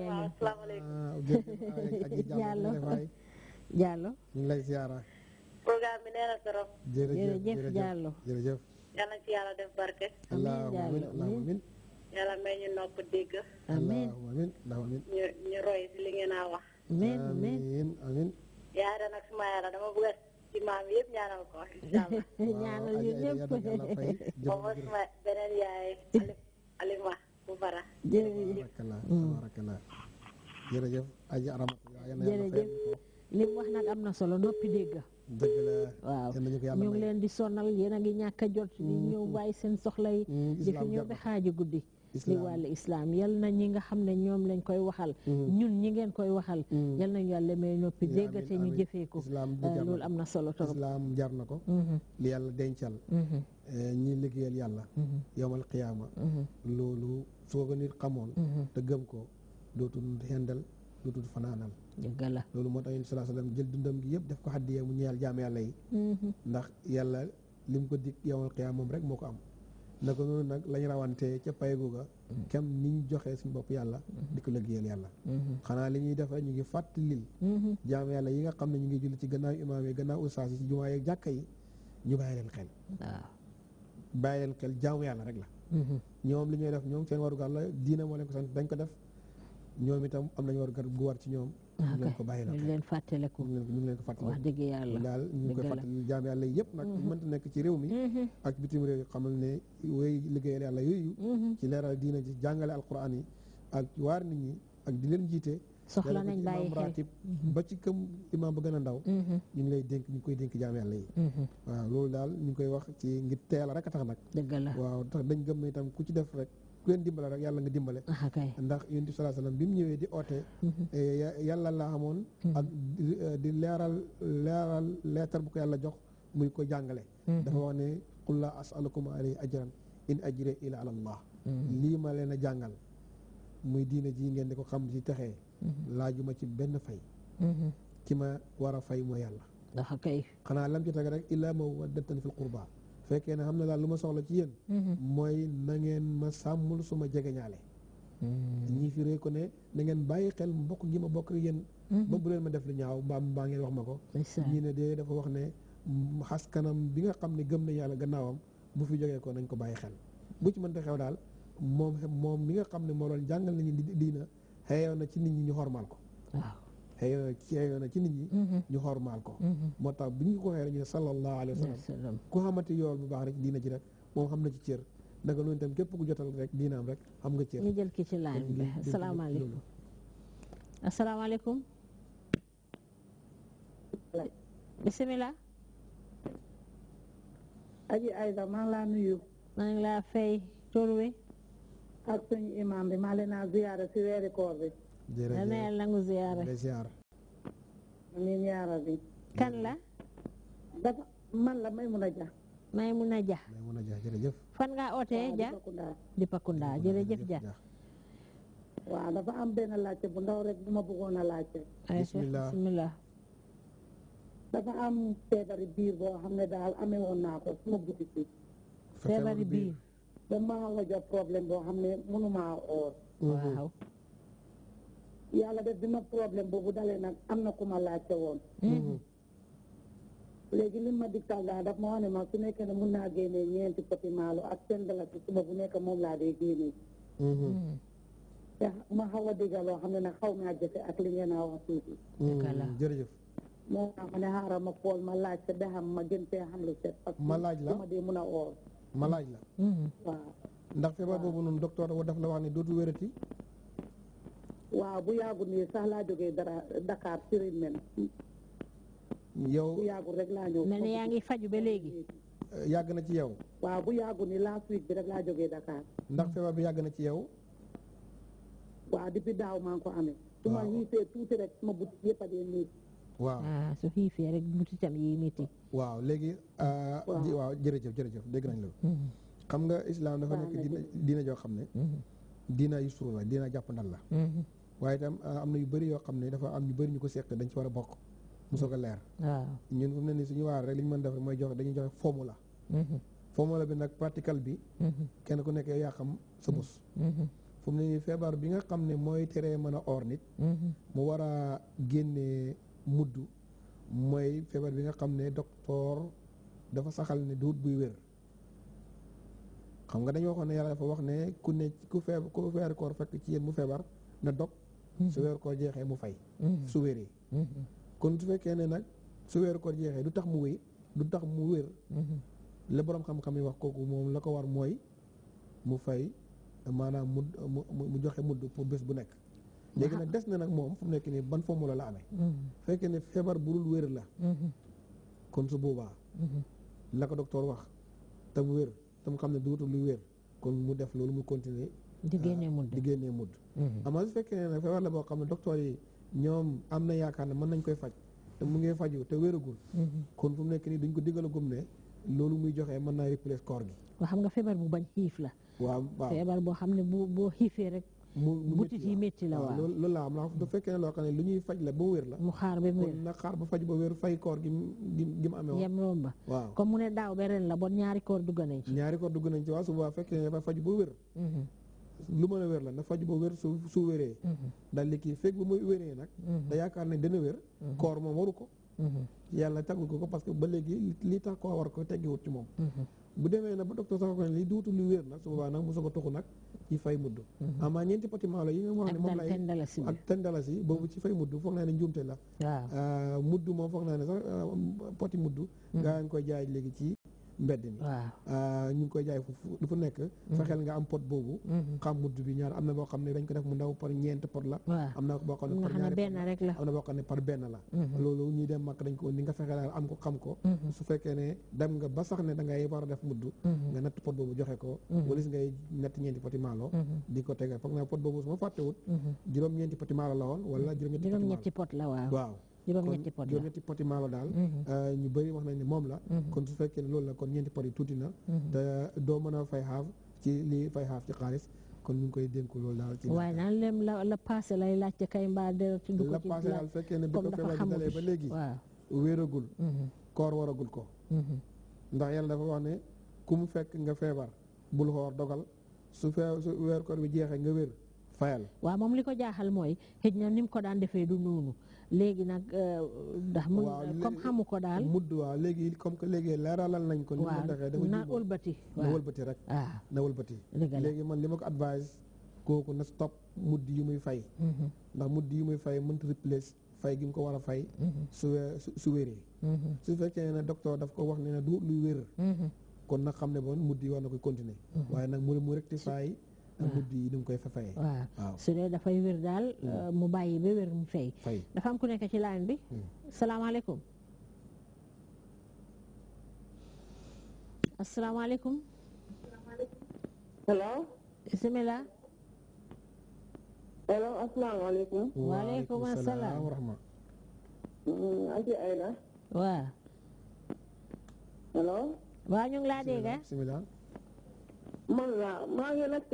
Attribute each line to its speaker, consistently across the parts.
Speaker 1: waaw asalaamaaleykum.
Speaker 2: Diallo Diallo.
Speaker 1: programme bi nee na trop. jërëjëf jërëjëf Diallo ci yàlla def barke.
Speaker 2: amiin amiin
Speaker 1: yàlla may ñu nopp dégg.
Speaker 2: amiin amiin
Speaker 1: ñu ñu roy li ngeen wax.
Speaker 2: amiin amiin amiin.
Speaker 1: yaa da nag suma yàlla dama bëgg ci maam yëpp ñaanal ko ñaanal ñu ñëpp. moom mooy suma beneen yaay Alima. Bara.
Speaker 2: jërëjëf mm. jërëjëf aji jërëjëf
Speaker 3: li mu wax nag am na solo noppi dégg.
Speaker 2: dëgg la waaw ñu ngi leen
Speaker 3: di sonal yéen a ngi ñàkk a jot. di mm. ñëw bàyyi seen soxla yi. Mm. di fi ñëw ba xaaji guddi. ci wàllu islam yal na ñi nga xam ne ñoom lañ koy waxal mm. ñun ñi ngeen koy waxal mm. yal nañu yàlla may noppi déggate ñu jëfee
Speaker 2: ko euh, loolu am na solo trop islam jar na ko mm-hmm. li yàlla dencal mm-hmm. euh, ñi liggéeyal mm-hmm. loolu soo ko nit xamoon te gëm ko dootul xendal dootul fanaanal dëgg la loolu moo tax sallallahu alayhi wa sallam jël dundam gi yëpp def ko xaddiyee mu ñeel jaam yàlla yi ndax yàlla lim ko dig yowmal qiyaama rek moo ko am naka noonu nag lañ rawantee ca paygu ga mm-hmm. kem niñ joxee suñ bopp yàlla mm-hmm. di la lëggéeyal yàlla mm-hmm. xanaa li ñuy defee ñu ngi fàttalil jaam yàlla yi nga xam ne ñu ngi julli ci gannaaw imaam yi gannaaw ustaas yi ci jumaa yeeg jàkka yi ñu bàyyi leen xel waaw bàyyi leen xel jaamu yàlla rek la ñoom li ñuy def ñoom seen warugar la diina moo leen ko sant dañ ko def ñoom itam am nañ warugar gu war ci ñoom ñu ah, leen ko bàyyi la ñu leen fàttaliku ñu ngi leen ko fàttaliku wax dëgg yàlla daal ñu ngi koy fàttali jaam yàlla yëpp nag mm-hmm. mënta nekk ci réew mi mm-hmm. ak bitim réew yi xamal ne wéy liggéeyal yàlla yooyu mm-hmm. ci leeral diina ci jàngale alquran yi ak waar nit ñi ak di leen jiite soxla nañ bàyyi xel ba ci këm imaam ba gën a ndaw ñu ngi koy dénk jaam yàlla yi waaw loolu daal ñu ngi koy wax ci ngir teel rek a tax nag dëgg waaw tax dañ gëm ne itam ku ci def rek ku leen dimbale rek yàlla nga dimbale ndax yonent bi salaa salaam bi mu ñëwee di oote mhm. eh, yàlla la amoon mhm. ak eh, di leeral leeral leetar bu ko yàlla jox muy ko jàngale mhm. dafa wax ne qul laa asalukum alayhi in ajre ila ala allah lii ma leen a jàngal muy diina ji ngeen di ko xam ci texee laajuma ci benn fay ki ma war a fay mooy yàlla xanaa lam ci teg rek illaa mawaddatan fil qurbaa fekkee ne xam na daal lu ma soxla ci yéen mm-hmm. mooy na ngeen ma sàmmul suma jegeñaale mm-hmm. ñi fi ree ko ne na ngeen bàyyi xel mbokk gi ma bokk yéen mm-hmm. ba bu leen ma def lu ñaaw mbaa mbaa ngeen wax ma ko ñii ne de dafa wax ne xas kanam bi nga xam ne gëm na yàlla gannaawam bu fi jógee ko nañ ko bàyyi xel bu ci mënta xew daal moom moom mi nga xam ne moo doon jàngal nañu diina xeeyoon na ci nit ñi ñu xormal ko waaw xëy xëy na ci nit ñi mm-hmm. ñu xormaal ko mm-hmm. moo tax bu ñu ko waxee rek ñu ne sallallahu alayhi wa sallam ku xamante yool bu baax rek diina ci rek moom xam na ci cër naka loolu itam képp ku jotal rek diinaam rek xam nga cër ñu
Speaker 3: jël ki ci laaj bi asalaamaaleykum asalaamaaleykum bisimilah aji Ayda maa ngi laa nuyu maa ngi laa fay tur wi ak suñu imaam bi maa leen naa ziyaara si weeri koor bi
Speaker 2: jërëjëf dana yàlla
Speaker 3: nangu ziyaara ziyaara amiin yaara bi kan la dafa
Speaker 1: man la Maymuna Ja
Speaker 3: Maymuna Ja
Speaker 2: Maymuna Ja jërëjëf
Speaker 1: fan nga ootee Ja di Pakunda jërëjëf Ja waaw dafa am benn laajte bu ndaw rek bu ma bëggoon a laajte bismillah dafa am feebari biir boo xam ne daal amee naa ko suma buti si feebari biir ba maa nga jot problème boo xam ne mënumaa oor waaw yàlla def bi ma problème boobu dalee nag am na ko ma laajte woon mm-hmm. léegi li ma diktal daal daf ma wax ne ma su nekkee ne mun naa génnee ñeenti poti maalo ak ten dalasi suba bu nekk moom laa dee génnee mm-hmm. te ma xaw a dégg loo xam ne nag xaw naa jëfe ak li ngeen a wax tuuti
Speaker 2: mm-hmm. jërëjëf
Speaker 1: moo tax ne xaaral ma xool ma laaj te ba xam ma gën fee xam lu set ma laaj la ma dee mun a oor
Speaker 2: ma laaj la ndax feebar boobu noonu docteur daf la wax ne dootu wérati
Speaker 1: waaw bu yàggu nii sax laa jógee dara Dakar Sirène men yow bu
Speaker 2: rek laa ñëw. mel ni yaa ngi
Speaker 1: faju ba léegi.
Speaker 2: yàgg na ci yow.
Speaker 1: waaw bu yàggu nii last week bi rek laa jógee Dakar.
Speaker 2: ndax feebar bi yàgg na ci yow.
Speaker 1: waaw depuis daaw maa ngi ko amee. su xiifee rek ma but yëpp a dee
Speaker 2: waaw ah, su xiifee yi waaw léegi. Ah, waaw jërëjëf jërëjëf dégg nañ la. Mm-hmm. xam nga islam dafa nekk diina diina joo xam ne. Mm-hmm. diina yu suur la diina jàppandal la. Mm-hmm. waaye tam ah, am na yu bari yoo xam ne dafa am ñu bari ñu ko seq dañ ci war a bokk mu soog a leer waaw ñun fu mu ne nii suñu waar rek li ñu mën def mooy joxe dañuy joxe formula mm-hmm. formula bi nag practical bi mm-hmm. kenn ku nekk yow yaa xam sa
Speaker 4: mm-hmm.
Speaker 2: ne nii feebar bi nga xam ne mooy teree mën a or nit mu war a génnee mudd feebar bi nga xam ne docteur dafa saxal ne duut buy wér xam nga dañu waxoon ne yàlla dafa wax ne ku ne ku feeb ku feer fekk ci yéen mu feebar na dog Mm-hmm. su weer koor jeexee mu fay mm-hmm. su wéree mm-hmm. kon su fekkee ne nag su weer koor jeexee du tax mu wéy du tax mu wér la boroom xam-xam yi wax kooku moom la ko war mooy mu fay maanaam mu mu joxe mudd pour bés bu nekk léegi nag des na nag moom fu nekk nii ban formule la amee fekkee ne feebar bu dul wér la kon su boobaa la ko docteur wax tam wér tam xam ne duutu lu wér kon mu def loolu mu continuer di génnee mudd di génnee mudd. Mhm. amaa su fekkee ne feebar la boo xam ne docteur yi ñoom am na yaakaar ne mën nañ koy faj te mu ngi faju te wéragul. Mhm. kon fu mu ko digal a gum ne loolu bu bañ
Speaker 3: ne bu boo xiifee rek.
Speaker 2: mu butit na bu fekkee ne loo xam ne lu ba wér la. mu xaar ba wér na xaar ba faj ba wér fay koor gi gi mu amee. yem romb waaw comme mu ne daaw ba ren la bon ñaari koor dugg nañ ci. ñaari koor dugg nañ ci waaw su boobaa fekkee ne dafa faj ba wér. Mhm. lu mën a wér la na faju ba wér su su wéree mm-hmm. daal li fekk ba muy wéree nag te mm-hmm. yaakaar ne dina wér mm-hmm. koor moom waru ko yàlla taggu ko ko parce que ba léegi li tax koo war ko teggiwut ci moom bu demee na ba docteur sax ko ne li duutu lu wér nag su boobaa nag mu soog a toxu nag ci fay mudd amaa ñeenti poti maalo yi nga wax ne moom lay ak ten dalasi boobu ci fay mudd foog naa ne njuumte la ah, mudd moom foog naa ne ah, poti mudd nga ngi koy jaay mbedd mi ah, ñu ngi koy jaay foofu du fa nekk mm-hmm. fexeel nga am pot boobu mm-hmm. xam mudd bi ñaar am na boo xam ne dañ ko def mu ndaw par ñeent pot la am na boo xam ne par ñaari am na boo xam ne par benn la mm-hmm. loolu ko xam ko su fekkee ne dem nga ba sax ne da war a def mudd nga natt pot boobu joxe ko walis su ma fàttewut ñeenti poti maalo la woon wala juróom ñetti pot la waaw juróom-ñetti pot la juróom-ñetti poti maalo daal. Mhm. Euh, ñu bëri wax nañ ne moom la. Mhm. kon su fekkee ne loolu la mhm. doo mën a fay xaaf ci lii fay xaaf ci xaalis kon ñu ngi koy dénku loolu daal. ci waaye
Speaker 3: naan lem la la passé lay laajte kay mbaa de. du ci la daal fekkee ne bi ko feebar bi dalee ba léegi.
Speaker 2: waaw wéeragul. koor waragul ko. ndax yàlla dafa wax ne ku mu fekk nga feebar bul xoor dogal su fee su weer koor bi jeexee nga wér. fayal
Speaker 3: waaw moom li ko jaaxal mooy xëj na ni mu ko daan defee du noonu léegi nag euh, ndax mu comme xamu ko daal
Speaker 2: mudd waaw léegi comme que léegi leeralal nañ ko ni mu defee dafa na
Speaker 3: wëlbati na wëlbati
Speaker 2: rek ah. na wëlbati léegi man li ma ko advise kooku na stop mudd yi muy fay mm-hmm. ndax mudd yi muy fay mënut replace fay gi mu ko war a fay mm-hmm. su su wéree mm-hmm. su fekkee ne docteur daf ko wax ne ne du luy wér kon nag xam ne bon mudd yi war na koy continuer waaye nag mu mu rectify ak guddi koy fa fayee waaw
Speaker 3: su dee dafay wér daal mm. euh, mu bàyyi ba wér mu fay dafa am ku nekk ci line bi mm. salaamaaleykum asalaamaaleykum hello bismillah hello asalaamaaleykum
Speaker 1: mm, hello
Speaker 3: waa ñu ngi laa dégg ah.
Speaker 1: man la maa ngi nag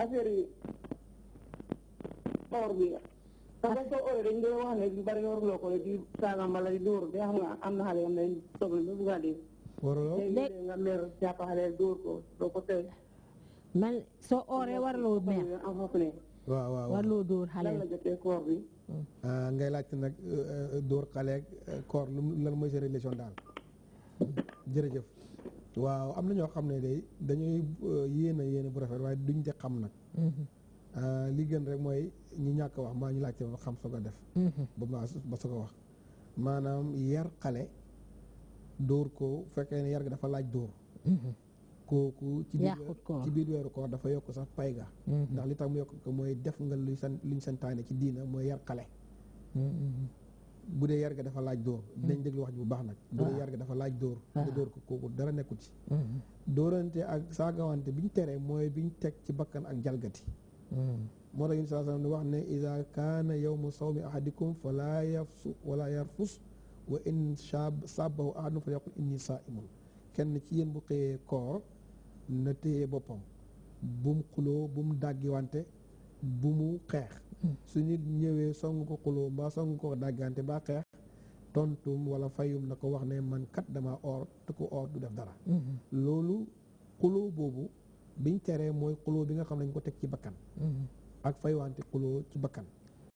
Speaker 1: affaire bi parce nga am na xale yoo xam ne dañ toog lu
Speaker 2: bëgg soo
Speaker 3: ooree waruloo mer
Speaker 2: waaw waaw waruloo dóor xale lan ah, ngay laajte nag euh, euh, dóor xale euh, koor lu lan mooy sa relation daal jërëjëf. waaw am na ñoo xam ne day dañuy euh, yéene yéene bu rafet waaye duñ de xam nag. Mm-hmm. Euh, li gën rek mooy ñu ñàkk wax mbaa ñu laajte ba xam soog a def. Mm-hmm. ba ma ba soog a wax maanaam yar xale dóor ko fekkee ne yar laaj dóor. Mm-hmm. kooku ci biir ci biir weeru koor dafa yokk sax pay ga ndax li tax mu yokk ko mooy def nga luñ san luñ santaane ci diina mooy yar xale. bu dee yar ga dafa laaj dóor dinañ déglu wax ji bu baax nag bu dee ah. yar ga dafa laaj dóor ah. nga dóor ko kooku dara nekku ci mm-hmm. dóorante ak saagawante biñ tere mooy biñ teg ci bakkan ak jalgati mm-hmm. moo tax yun saa wax ne ida kaana yawmu sawmi ahadikum falaa yafsu wala yarfus wa in saab saabahu ahadun fa yaqul inni saaimun kenn ci yéen bu xëyee koor na téye boppam bu xuloo bu mu dàggiwante bu mu xeex hmm. su nit ñëwee song ko xuloo mbaa song ko dàggante ba xeex tontum wala fayum na ko wax ne man kat dama or te ko or du def dara hmm. loolu xuloo boobu biñ teree mooy xuloo bi nga xam ne ko teg ci bakkan hmm. ak faywante xuloo ci bakkan